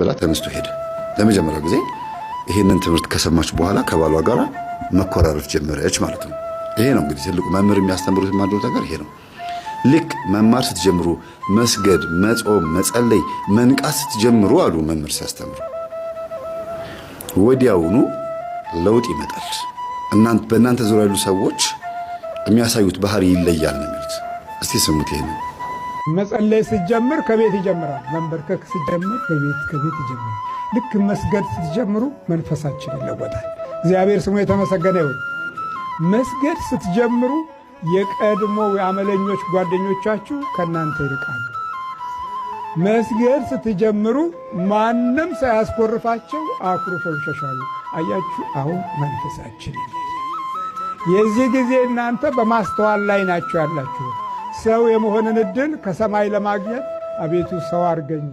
ብላ ተነስቶ ሄደ። ለመጀመሪያ ጊዜ ይህንን ትምህርት ከሰማች በኋላ ከባሏ ጋር መኮራረፍ ጀመረች ማለት ነው። ይሄ ነው እንግዲህ ትልቁ መምህር የሚያስተምሩት የማድረጉት ነገር ይሄ ነው። ልክ መማር ስትጀምሩ፣ መስገድ፣ መጾም፣ መጸለይ፣ መንቃት ስትጀምሩ አሉ መምህር ሲያስተምሩ፣ ወዲያውኑ ለውጥ ይመጣል። በእናንተ ዙሪያ ያሉ ሰዎች የሚያሳዩት ባህሪ ይለያል ነው የሚሉት። እስቲ ስሙት ይሄንን መጸለይ ስትጀምር ከቤት ይጀምራል። መንበርከክ ስትጀምር ከቤት ከቤት ይጀምራል። ልክ መስገድ ስትጀምሩ መንፈሳችን ይለወጣል። እግዚአብሔር ስሙ የተመሰገነ ይሁን። መስገድ ስትጀምሩ የቀድሞ የአመለኞች ጓደኞቻችሁ ከእናንተ ይርቃሉ። መስገድ ስትጀምሩ ማንም ሳያስኮርፋቸው አኩርፈው ይሸሻሉ። አያችሁ፣ አሁን መንፈሳችን የዚህ ጊዜ እናንተ በማስተዋል ላይ ናቸው ያላችሁት። ሰው የመሆንን እድል ከሰማይ ለማግኘት አቤቱ ሰው አርገኝ፣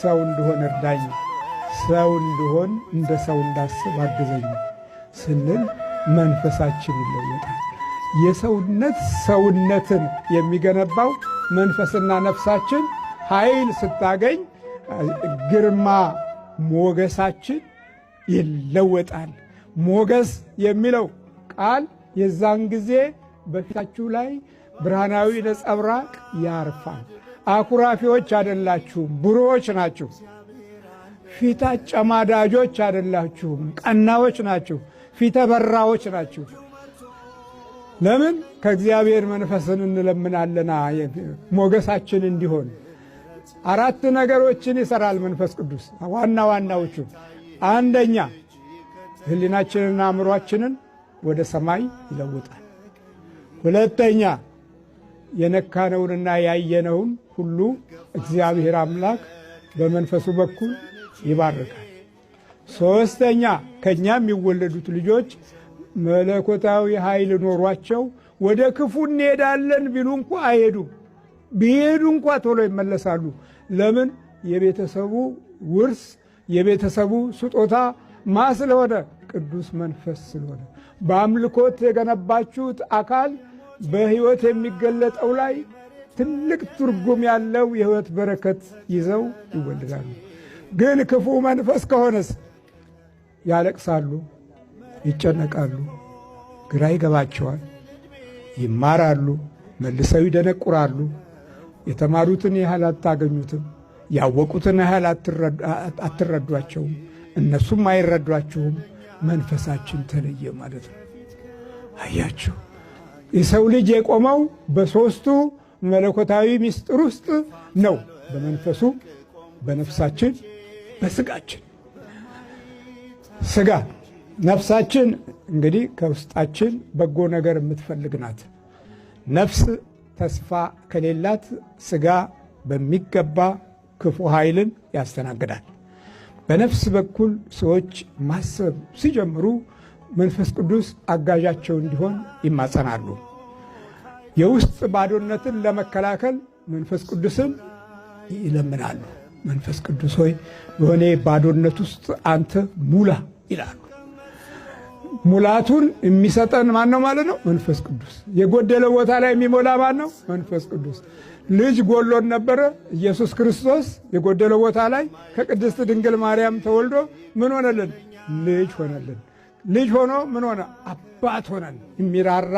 ሰው እንድሆን እርዳኝ፣ ሰው እንድሆን እንደ ሰው እንዳስብ አግዘኝ ስንል መንፈሳችን ይለወጣል። የሰውነት ሰውነትን የሚገነባው መንፈስና ነፍሳችን ኃይል ስታገኝ ግርማ ሞገሳችን ይለወጣል። ሞገስ የሚለው ቃል የዛን ጊዜ በፊታችሁ ላይ ብርሃናዊ ነጸብራቅ ያርፋል። አኩራፊዎች አደላችሁም ብሩዎች ናችሁ። ፊት ጨማዳጆች አይደላችሁም፣ ቀናዎች ናችሁ። ፊተ በራዎች ናችሁ። ለምን ከእግዚአብሔር መንፈስን እንለምናለና ሞገሳችን እንዲሆን አራት ነገሮችን ይሰራል መንፈስ ቅዱስ ዋና ዋናዎቹ አንደኛ ህሊናችንና አእምሯችንን ወደ ሰማይ ይለውጣል ሁለተኛ የነካነውንና ያየነውን ሁሉ እግዚአብሔር አምላክ በመንፈሱ በኩል ይባርካል። ሶስተኛ ከእኛ የሚወለዱት ልጆች መለኮታዊ ኃይል ኖሯቸው ወደ ክፉ እንሄዳለን ቢሉ እንኳ አይሄዱም። ቢሄዱ እንኳ ቶሎ ይመለሳሉ። ለምን? የቤተሰቡ ውርስ የቤተሰቡ ስጦታ ማ ስለሆነ፣ ቅዱስ መንፈስ ስለሆነ በአምልኮት የገነባችሁት አካል በሕይወት የሚገለጠው ላይ ትልቅ ትርጉም ያለው የሕይወት በረከት ይዘው ይወልዳሉ። ግን ክፉ መንፈስ ከሆነስ ያለቅሳሉ፣ ይጨነቃሉ፣ ግራ ይገባቸዋል፣ ይማራሉ፣ መልሰው ይደነቁራሉ። የተማሩትን ያህል አታገኙትም፣ ያወቁትን ያህል አትረዷቸውም፣ እነሱም አይረዷችሁም። መንፈሳችን ተለየ ማለት ነው። አያችሁ። የሰው ልጅ የቆመው በሶስቱ መለኮታዊ ምስጢር ውስጥ ነው። በመንፈሱ፣ በነፍሳችን፣ በስጋችን። ስጋ ነፍሳችን እንግዲህ ከውስጣችን በጎ ነገር የምትፈልግ ናት። ነፍስ ተስፋ ከሌላት ስጋ በሚገባ ክፉ ኃይልን ያስተናግዳል። በነፍስ በኩል ሰዎች ማሰብ ሲጀምሩ መንፈስ ቅዱስ አጋዣቸው እንዲሆን ይማጸናሉ። የውስጥ ባዶነትን ለመከላከል መንፈስ ቅዱስን ይለምናሉ። መንፈስ ቅዱስ ሆይ በሆኔ ባዶነት ውስጥ አንተ ሙላ ይላሉ። ሙላቱን የሚሰጠን ማን ነው ማለት ነው? መንፈስ ቅዱስ። የጎደለ ቦታ ላይ የሚሞላ ማን ነው? መንፈስ ቅዱስ። ልጅ ጎሎን ነበረ። ኢየሱስ ክርስቶስ የጎደለ ቦታ ላይ ከቅድስት ድንግል ማርያም ተወልዶ ምን ሆነልን? ልጅ ሆነልን። ልጅ ሆኖ ምን ሆነ? አባት ሆነን የሚራራ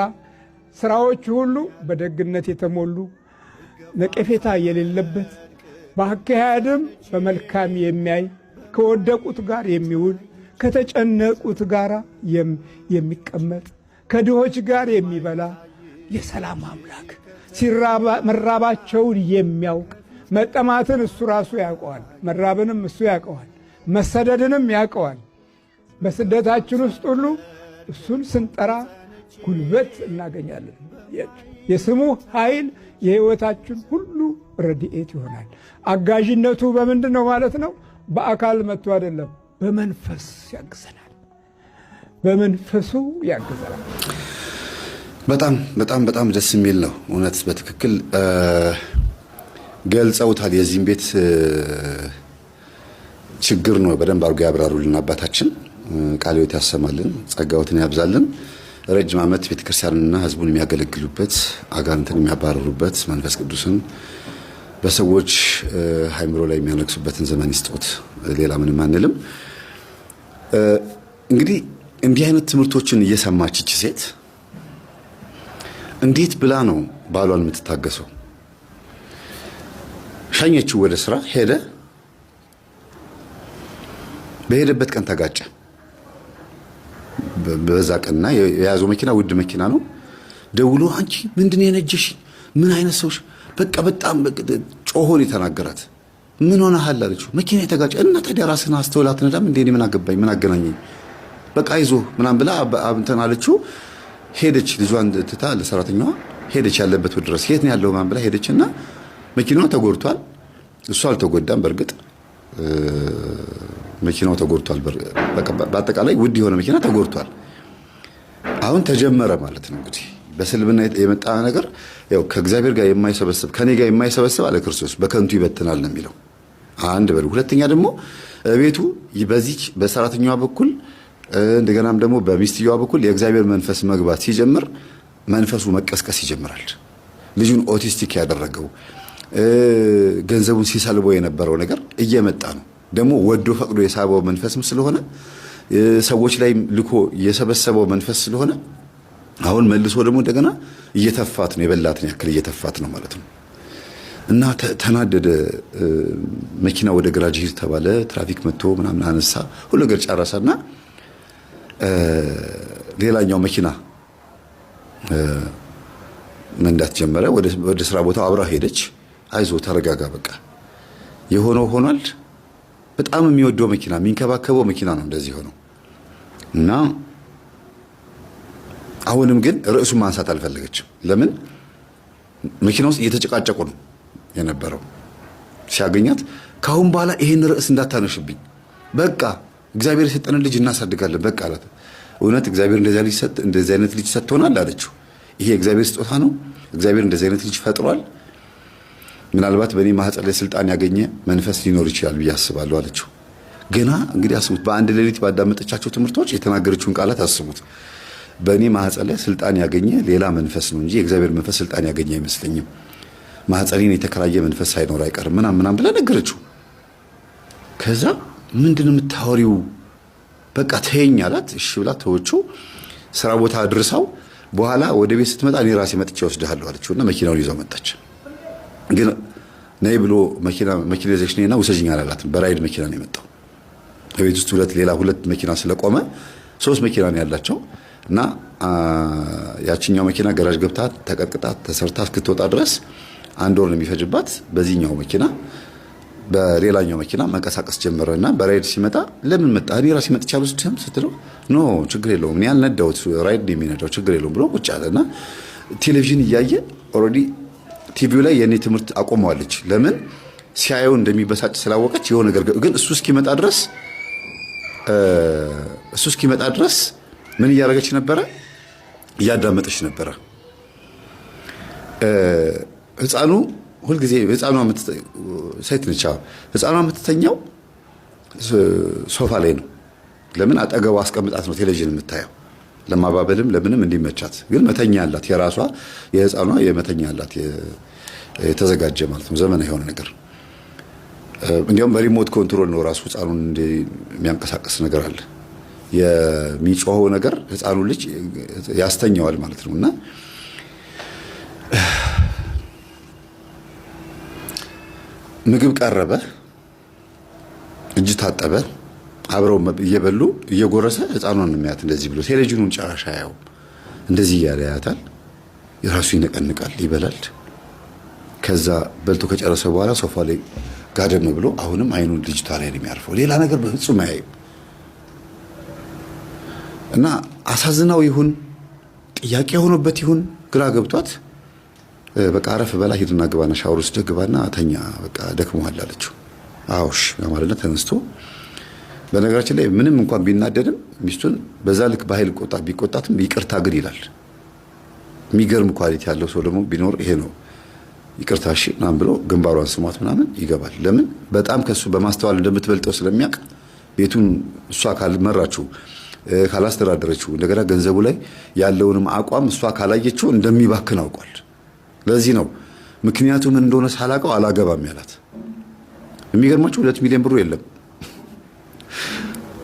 ስራዎች ሁሉ በደግነት የተሞሉ ነቀፌታ የሌለበት በአካሄድም በመልካም የሚያይ ከወደቁት ጋር የሚውል ከተጨነቁት ጋር የሚቀመጥ ከድሆች ጋር የሚበላ የሰላም አምላክ መራባቸውን የሚያውቅ መጠማትን እሱ ራሱ ያውቀዋል፣ መራብንም እሱ ያውቀዋል፣ መሰደድንም ያውቀዋል። በስደታችን ውስጥ ሁሉ እሱን ስንጠራ ጉልበት እናገኛለን። የስሙ ኃይል የሕይወታችን ሁሉ ረድኤት ይሆናል። አጋዥነቱ በምንድን ነው ማለት ነው? በአካል መጥቶ አይደለም፣ በመንፈስ ያግዘናል። በመንፈሱ ያግዘናል። በጣም በጣም በጣም ደስ የሚል ነው። እውነት በትክክል ገልጸውታል። የዚህም ቤት ችግር ነው በደንብ አድርጎ ያብራሩልን አባታችን። ቃለ ያሰማልን፣ ጸጋዎትን ያብዛልን። ረጅም ዓመት ቤተክርስቲያንና ህዝቡን የሚያገለግሉበት አጋንንትን የሚያባረሩበት መንፈስ ቅዱስን በሰዎች ሀይምሮ ላይ የሚያነግሱበትን ዘመን ይስጦት። ሌላ ምንም አንልም። እንግዲህ እንዲህ አይነት ትምህርቶችን እየሰማች ሴት እንዴት ብላ ነው ባሏን የምትታገሰው? ሸኘችው፣ ወደ ስራ ሄደ። በሄደበት ቀን ተጋጨ። በዛ ቀንና የያዘው መኪና ውድ መኪና ነው። ደውሎ አንቺ ምንድን የነጀሽ ምን አይነት ሰዎች በቃ በጣም ጮሆን የተናገራት ምን ሆነሃል አለችው። መኪና የተጋጨ እና ታዲያ ራስህን አስተውል አትነዳም እንዴ? ምን አገባኝ ምን አገናኘኝ በቃ ይዞ ምናም ብላ እንትን አለችው። ሄደች ልጇን ትታ ለሰራተኛዋ ሄደች። ያለበት ድረስ የት ነው ያለው ምናምን ብላ ሄደች እና መኪናዋ ተጎድቷል። እሱ አልተጎዳም በእርግጥ መኪናው ተጎድቷል። በአጠቃላይ ውድ የሆነ መኪና ተጎድቷል። አሁን ተጀመረ ማለት ነው እንግዲህ በስልምና የመጣ ነገር ያው ከእግዚአብሔር ጋር የማይሰበስብ ከኔ ጋር የማይሰበስብ አለ ክርስቶስ በከንቱ ይበትናል ነው የሚለው። አንድ በሉ። ሁለተኛ ደግሞ ቤቱ በዚች በሰራተኛዋ በኩል እንደገናም ደግሞ በሚስትየዋ በኩል የእግዚአብሔር መንፈስ መግባት ሲጀምር መንፈሱ መቀስቀስ ይጀምራል። ልጁን ኦቲስቲክ ያደረገው ገንዘቡን ሲሰልበው የነበረው ነገር እየመጣ ነው። ደግሞ ወዶ ፈቅዶ የሳበው መንፈስም ስለሆነ ሰዎች ላይ ልኮ የሰበሰበው መንፈስ ስለሆነ አሁን መልሶ ደግሞ እንደገና እየተፋት ነው፣ የበላትን ያክል እየተፋት ነው ማለት ነው። እና ተናደደ። መኪና ወደ ግራጅ ሂድ ተባለ። ትራፊክ መጥቶ ምናምን አነሳ፣ ሁሉ ነገር ና ሌላኛው መኪና መንዳት ጀመረ። ወደ ስራ ቦታ አብራ ሄደች። አይዞ ተረጋጋ፣ በቃ የሆነው ሆኗል በጣም የሚወደው መኪና የሚንከባከበው መኪና ነው እንደዚህ ሆነው እና አሁንም ግን ርዕሱን ማንሳት አልፈለገችም። ለምን መኪና ውስጥ እየተጨቃጨቁ ነው የነበረው። ሲያገኛት ከአሁን በኋላ ይህን ርዕስ እንዳታነሽብኝ፣ በቃ እግዚአብሔር የሰጠንን ልጅ እናሳድጋለን በቃ አላት። እውነት እግዚአብሔር እንደዚህ አይነት ልጅ ሰጥቶናል አለችው። ይሄ እግዚአብሔር ስጦታ ነው። እግዚአብሔር እንደዚህ አይነት ልጅ ፈጥሯል። ምናልባት በእኔ ማህፀን ላይ ስልጣን ያገኘ መንፈስ ሊኖር ይችላል ብዬ አስባለሁ አለችው። ገና እንግዲህ አስቡት፣ በአንድ ሌሊት ባዳመጠቻቸው ትምህርቶች የተናገረችውን ቃላት አስቡት። በእኔ ማህፀን ላይ ስልጣን ያገኘ ሌላ መንፈስ ነው እንጂ የእግዚአብሔር መንፈስ ስልጣን ያገኘ አይመስለኝም። ማህፀኔን የተከራየ መንፈስ ሳይኖር አይቀርም ምናም ምናም ብላ ነገረችው። ከዛ ምንድን የምታወሪው በቃ ተይኝ አላት። እሺ ብላ ተወችው። ስራ ቦታ አድርሳው በኋላ ወደ ቤት ስትመጣ እኔ ራሴ መጥቼ ወስድሃለሁ እና መኪናውን ይዘው መጣች። ግን ነይ ብሎ መኪና ዜክሽኔና ውሰጅኝ አላላትም። በራይድ መኪና ነው የመጣው። ከቤት ውስጥ ሁለት ሌላ ሁለት መኪና ስለቆመ ሶስት መኪና ነው ያላቸው እና ያችኛው መኪና ገራዥ ገብታ ተቀጥቅጣ ተሰርታ እስክትወጣ ድረስ አንድ ወር ነው የሚፈጅባት። በዚህኛው መኪና በሌላኛው መኪና መንቀሳቀስ ጀመረ እና በራይድ ሲመጣ ለምን መጣ? እኔ ራሴ መጥቻለሁ ስትም ስትለው ኖ ችግር የለውም እኔ አልነዳሁት ራይድ ነው የሚነዳው ችግር የለውም ብሎ ቁጭ አለ እና ቴሌቪዥን እያየ ኦልሬዲ ቲቪው ላይ የእኔ ትምህርት አቆመዋለች። ለምን ሲያየው እንደሚበሳጭ ስላወቀች የሆነ ነገር ግን እሱ እስኪመጣ ድረስ እሱ እስኪመጣ ድረስ ምን እያደረገች ነበረ? እያዳመጠች ነበረ። ህፃኑ ሁልጊዜ ህፃኗ ሴት ነች። ህፃኗ የምትተኛው ሶፋ ላይ ነው። ለምን አጠገቧ አስቀምጣት ነው ቴሌቪዥን የምታየው ለማባበልም ለምንም እንዲመቻት። ግን መተኛ አላት፣ የራሷ የህፃኗ የመተኛ አላት። የተዘጋጀ ማለት ነው። ዘመናዊ የሆነ ነገር እንዲሁም በሪሞት ኮንትሮል ነው ራሱ ህፃኑን የሚያንቀሳቀስ ነገር አለ። የሚጮኸው ነገር ህፃኑ ልጅ ያስተኛዋል ማለት ነው እና ምግብ ቀረበ፣ እጅ ታጠበ፣ አብረው እየበሉ እየጎረሰ ህፃኗን የሚያት እንደዚህ ብሎ ቴሌቪዥኑን ጨራሻ ያው እንደዚህ እያለ ያታል። የራሱ ይነቀንቃል፣ ይበላል። ከዛ በልቶ ከጨረሰ በኋላ ሶፋ ላይ ጋደም ብሎ አሁንም አይኑን ልጅቷ ላይ የሚያርፈው። ሌላ ነገር በፍጹም አያይም። እና አሳዝናው ይሁን ጥያቄ ሆኖበት ይሁን ግራ ገብቷት በቃ አረፍ በላ ሂድና ግባና ሻወር ውስጥ ግባና ተኛ በቃ ደክሞሃል አለችው። አዎሽ በማለት ተነስቶ በነገራችን ላይ ምንም እንኳን ቢናደድም ሚስቱን በዛ ልክ በኃይል ቆጣ ቢቆጣትም ይቅርታ ግን ይላል። የሚገርም ኳሊቲ ያለው ሰው ደግሞ ቢኖር ይሄ ነው። ይቅርታ እሺ ምናምን ብሎ ግንባሯን ስሟት ምናምን ይገባል። ለምን በጣም ከሱ በማስተዋል እንደምትበልጠው ስለሚያውቅ ቤቱን እሷ ካልመራችው ካላስተዳደረችው እንደገና ገንዘቡ ላይ ያለውንም አቋም እሷ ካላየችው እንደሚባክን አውቋል። ለዚህ ነው ምክንያቱም እንደሆነ ሳላውቀው አላገባም ያላት። የሚገርማችሁ ሁለት ሚሊዮን ብሩ የለም፣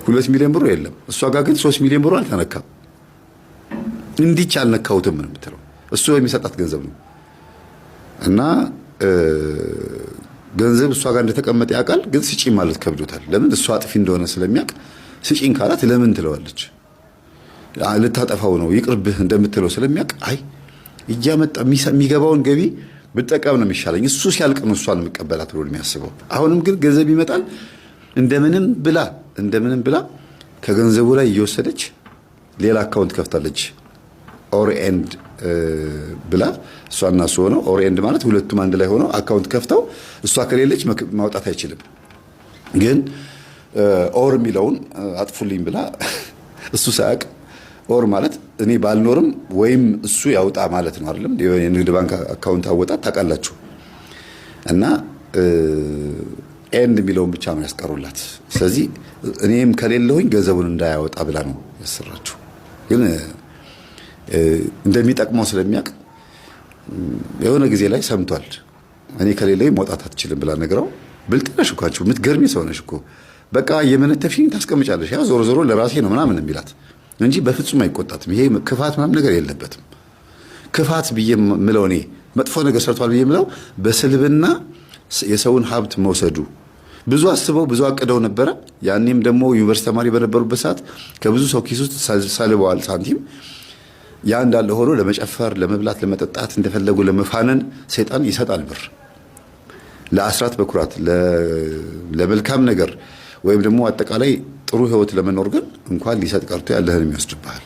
ሁለት ሚሊዮን ብሩ የለም። እሷ ጋር ግን ሶስት ሚሊዮን ብሩ አልተነካም። እንዲች አልነካሁትም ነው የምትለው። እሱ የሚሰጣት ገንዘብ ነው። እና ገንዘብ እሷ ጋር እንደተቀመጠ ያውቃል። ግን ስጪ ማለት ከብዶታል። ለምን እሷ አጥፊ እንደሆነ ስለሚያውቅ ስጪን ካላት ለምን ትለዋለች። ልታጠፋው ነው ይቅርብህ እንደምትለው ስለሚያውቅ አይ እያመጣ የሚገባውን ገቢ ብጠቀም ነው የሚሻለኝ፣ እሱ ሲያልቅ ነው እሷን የምቀበላት ብሎ የሚያስበው። አሁንም ግን ገንዘብ ይመጣል። እንደምንም ብላ እንደምንም ብላ ከገንዘቡ ላይ እየወሰደች ሌላ አካውንት ከፍታለች። ኦርኤንድ ብላ እሷ እና እሱ ሆነው ኦርኤንድ ማለት ሁለቱም አንድ ላይ ሆነው አካውንት ከፍተው እሷ ከሌለች ማውጣት አይችልም። ግን ኦር የሚለውን አጥፉልኝ ብላ እሱ ሳያቅ ኦር ማለት እኔ ባልኖርም ወይም እሱ ያውጣ ማለት ነው። አይደለም የንግድ ባንክ አካውንት አወጣት ታውቃላችሁ። እና ኤንድ የሚለውን ብቻ ነው ያስቀሩላት። ስለዚህ እኔም ከሌለሁኝ ገንዘቡን እንዳያወጣ ብላ ነው ያሰራችሁ ግን እንደሚጠቅመው ስለሚያውቅ የሆነ ጊዜ ላይ ሰምቷል። እኔ ከሌለኝ መውጣት አትችልም ብላ ነግረው፣ ብልጥ ነሽ እኮ አንቺ የምትገርሚ ሰው ነሽ እኮ በቃ የመነተፍሽኝ ታስቀምጫለሽ፣ ያ ዞሮ ዞሮ ለራሴ ነው ምናምን የሚላት እንጂ በፍጹም አይቆጣትም። ይሄ ክፋት ምናምን ነገር የለበትም። ክፋት ብዬ ምለው እኔ መጥፎ ነገር ሰርቷል ብዬ ምለው በስልብና የሰውን ሀብት መውሰዱ ብዙ አስበው ብዙ አቅደው ነበረ። ያኔም ደግሞ ዩኒቨርስቲ ተማሪ በነበሩበት ሰዓት ከብዙ ሰው ኪስ ውስጥ ሳልበዋል ሳንቲም ያ እንዳለ ሆኖ ለመጨፈር፣ ለመብላት፣ ለመጠጣት እንደፈለጉ ለመፋነን ሰይጣን ይሰጣል ብር ለአስራት በኩራት ለመልካም ነገር ወይም ደግሞ አጠቃላይ ጥሩ ህይወት ለመኖር ግን እንኳን ሊሰጥ ቀርቶ ያለህን የሚወስድብሃል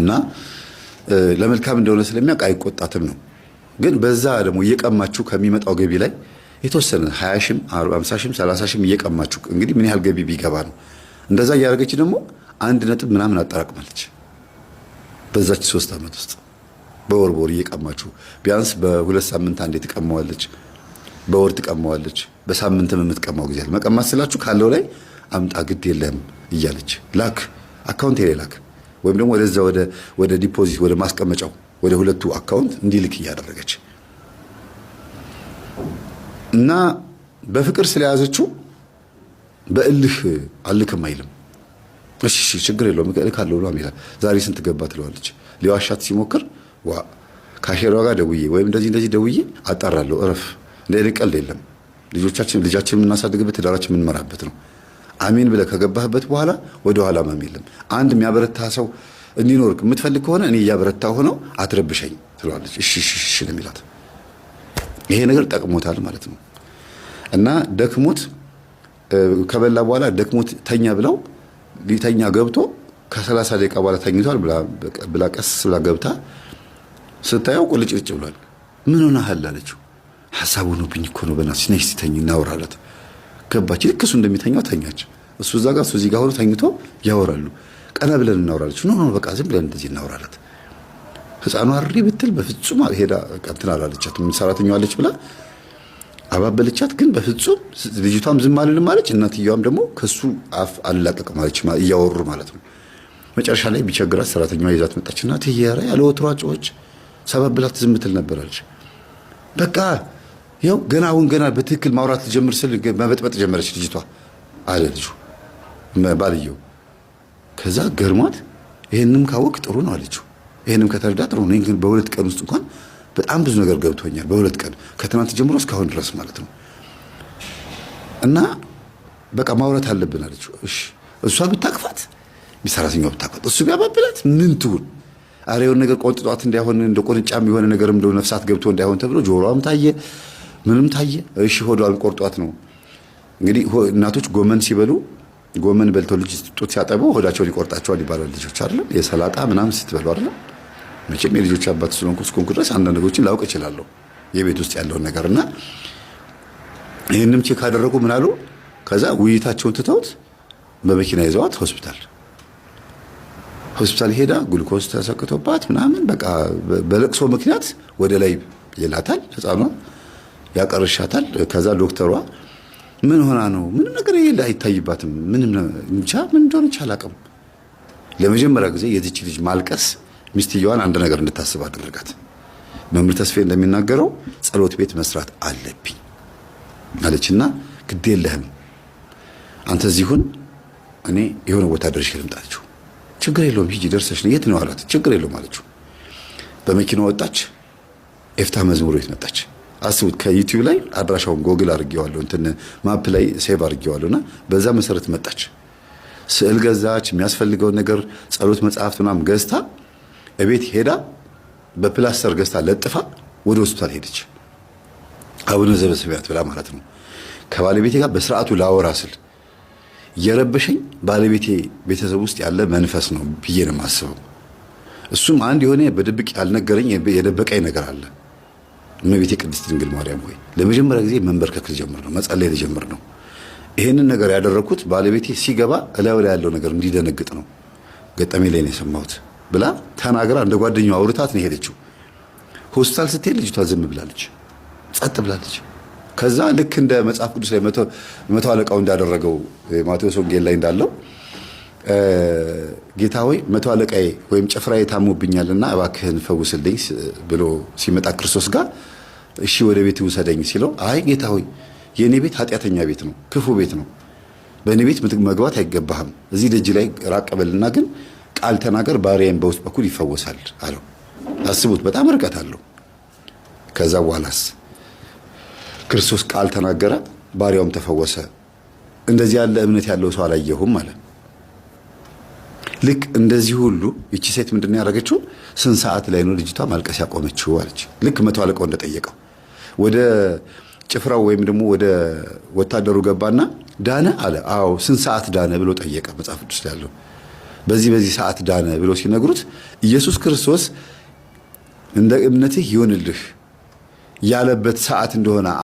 እና ለመልካም እንደሆነ ስለሚያውቅ አይቆጣትም ነው። ግን በዛ ደግሞ እየቀማችሁ ከሚመጣው ገቢ ላይ የተወሰነ ሀያ ሺም አምሳ ሺም ሰላሳ ሺም እየቀማችሁ እንግዲህ ምን ያህል ገቢ ቢገባ ነው እንደዛ እያደረገች ደግሞ አንድ ነጥብ ምናምን አጠራቅማለች። በዛች ሶስት ዓመት ውስጥ በወር በወር እየቀማችሁ ቢያንስ በሁለት ሳምንት አንዴ ትቀማዋለች፣ በወር ትቀማዋለች፣ በሳምንትም የምትቀማው ጊዜ መቀማት ስላችሁ ካለው ላይ አምጣ ግድ የለም እያለች ላክ አካውንት ላይ ላክ ወይም ደግሞ ወደዛ ወደ ዲፖዚት ወደ ማስቀመጫው ወደ ሁለቱ አካውንት እንዲልክ እያደረገች እና በፍቅር ስለያዘችው በእልህ አልክም አይልም። እሺ እሺ ችግር የለውም እልካለሁ ብሎ አሜታ ዛሬ ስንት ገባ ትለዋለች። ሊዋሻት ሲሞክር ዋ ካሼሯ ጋር ደውዬ ወይም እንደዚህ እንደዚህ ደውዬ አጣራለሁ። እረፍ እንደ ቀልድ የለም። ልጆቻችን ልጃችን የምናሳድግበት ትዳራችን የምንመራበት ነው። አሜን ብለህ ከገባህበት በኋላ ወደ ኋላ ማም የለም። አንድ የሚያበረታ ሰው እንዲኖር የምትፈልግ ከሆነ እኔ እያበረታ ሆነው አትረብሸኝ ትለዋለች። እሺ እሺ ነው የሚላት። ይሄ ነገር ጠቅሞታል ማለት ነው እና ደክሞት ከበላ በኋላ ደክሞት ተኛ ብለው ሊተኛ ገብቶ ከሰላሳ ደቂቃ በኋላ ተኝቷል ብላ ቀስ ብላ ገብታ ስታየው ቁልጭልጭ ብሏል። ምን ሆነሃል አለችው። ሀሳብ ሆኖብኝ እኮ ነው በእናትሽ ነይ ሲተኝ እናወራለት። ገባች። ልክ እሱ እንደሚተኛው ተኛች። እሱ እዛ ጋር እሱ እዚህ ጋር ሆኖ ተኝቶ ያወራሉ። ቀና ብለን እናወራለች። ኖ ኖ በቃ ዝም ብለን እንደዚህ እናወራለት። ህፃኗ እሪ ብትል በፍጹም ሄዳ እንትን አላለቻትም። ሰራተኛዋለች ብላ አባበለቻት። ግን በፍጹም ልጅቷም ዝም አልልም አለች። እናትየዋም ደግሞ ከሱ አፍ አልላቀቅም አለች፣ እያወሩ ማለት ነው። መጨረሻ ላይ ቢቸግራት ሰራተኛዋ ይዛት መጣች። እናትዬ ኧረ ያለ ወትሮ ጮኸች፣ ሳባብላት ዝም ትል ነበር አለች። በቃ ያው ገና አሁን ገና በትክክል ማውራት ልጀምር ስል መበጥበጥ ጀመረች ልጅቷ አለ ልጁ ባልየው። ከዛ ገርሟት ይህንም ካወቅ ጥሩ ነው አለችው። ይህንም ከተረዳ ጥሩ ነው። ግን በሁለት ቀን ውስጥ እንኳን በጣም ብዙ ነገር ገብቶኛል። በሁለት ቀን ከትናንት ጀምሮ እስካሁን ድረስ ማለት ነው። እና በቃ ማውራት አለብን አለችው። እሺ እሷ ብታቅፋት ሰራተኛዋ ብታቅፋት፣ እሱ ቢያባብላት ምን ትሁን? ኧረ የሆነ ነገር ቆንጥጧት እንዳይሆን እንደ ቁንጫም የሆነ ነገር እንደ ነፍሳት ገብቶ እንዳይሆን ተብሎ ጆሮም ታየ፣ ምንም ታየ። እሺ ሆዷን ቆርጧት ነው እንግዲህ እናቶች ጎመን ሲበሉ ጎመን በልተው ልጅ ጡት ሲያጠበው ሆዳቸውን ይቆርጣቸዋል ይባላል። ልጆች አይደለም የሰላጣ ምናምን ስትበሉ አይደለም መቼም የልጆች አባት ስለሆንኩ እስኮንኩ ድረስ አንዳንድ ነገሮችን ላውቅ እችላለሁ፣ የቤት ውስጥ ያለውን ነገር እና ይህንም ቼክ ካደረጉ ምን አሉ? ከዛ ውይይታቸውን ትተውት በመኪና ይዘዋት ሆስፒታል ሆስፒታል ሄዳ ግሉኮስ ተሰክቶባት ምናምን በቃ በለቅሶ ምክንያት ወደ ላይ ይላታል ህፃኗ ያቀርሻታል። ከዛ ዶክተሯ ምን ሆና ነው? ምንም ነገር የለ አይታይባትም። ምንም ብቻ ምን እንደሆነች አላውቅም። ለመጀመሪያ ጊዜ የዚች ልጅ ማልቀስ ሚስትየዋን አንድ ነገር እንድታስብ አደረጋት። መምህር ተስፋዬ እንደሚናገረው ጸሎት ቤት መስራት አለብኝ አለችና ግድ የለህም አንተ እዚሁን እኔ የሆነ ቦታ ደርሼ ልምጣችሁ። ችግር የለውም ሂጂ ደርሰሽ ነው የት ነው አላት። ችግር የለውም አለችው። በመኪና ወጣች። ኤፍታ መዝሙር ቤት መጣች። አስቡት ከዩቲዩብ ላይ አድራሻውን ጎግል አድርጌዋለሁ፣ እንትን ማፕ ላይ ሴቭ እና በዛ መሰረት መጣች። ስዕል ገዛች፣ የሚያስፈልገውን ነገር ጸሎት መጽሐፍት ምናምን ገዝታ እቤት ሄዳ በፕላስተር ገዝታ ለጥፋ ወደ ሆስፒታል ሄደች። አቡነ ዘበሰማያት ብላ ማለት ነው። ከባለቤቴ ጋር በስርዓቱ ላወራ ስል የረበሸኝ ባለቤቴ ቤተሰብ ውስጥ ያለ መንፈስ ነው ብዬ ነው የማስበው። እሱም አንድ የሆነ በድብቅ ያልነገረኝ የደበቀኝ ነገር አለ። እመቤቴ ቅድስት ድንግል ማርያም ወይ ለመጀመሪያ ጊዜ መንበርከክ ልጀምር ነው፣ መጸለይ ልጀምር ነው። ይህንን ነገር ያደረግኩት ባለቤቴ ሲገባ እላዩ ላይ ያለው ነገር እንዲደነግጥ ነው። ገጠሜ ላይ ነው የሰማሁት። ብላ ተናግራ እንደ ጓደኛው አውርታት ነው የሄደችው። ሆስፒታል ስትሄድ ልጅቷ ዝም ብላለች፣ ጸጥ ብላለች። ከዛ ልክ እንደ መጽሐፍ ቅዱስ ላይ መቶ አለቃው እንዳደረገው ማቴዎስ ወንጌል ላይ እንዳለው ጌታ ሆይ መቶ አለቃዬ ወይም ጭፍራዬ ታሞብኛልና እባክህን ፈውስልኝ ብሎ ሲመጣ ክርስቶስ ጋር እሺ ወደ ቤት ውሰደኝ ሲለው አይ ጌታ ሆይ የእኔ ቤት ኃጢአተኛ ቤት ነው፣ ክፉ ቤት ነው፣ በእኔ ቤት መግባት አይገባህም። እዚህ ደጅ ላይ ራቅ በልና ግን ቃል ተናገር ባሪያዬን በውስጥ በኩል ይፈወሳል አለው። አስቡት፣ በጣም ርቀት አለው። ከዛ በኋላስ ክርስቶስ ቃል ተናገረ፣ ባሪያውም ተፈወሰ። እንደዚህ ያለ እምነት ያለው ሰው አላየሁም አለ። ልክ እንደዚህ ሁሉ ይቺ ሴት ምንድን ያደረገችው? ስንት ሰዓት ላይ ነው ልጅቷ ማልቀስ ያቆመችው? አለች። ልክ መቶ አለቃው እንደጠየቀው ወደ ጭፍራው ወይም ደግሞ ወደ ወታደሩ ገባና ዳነ አለ። አዎ ስንት ሰዓት ዳነ ብሎ ጠየቀ። መጽሐፍ ቅዱስ ያለው በዚህ በዚህ ሰዓት ዳነ ብሎ ሲነግሩት ኢየሱስ ክርስቶስ እንደ እምነትህ ይሁንልህ ያለበት ሰዓት እንደሆነ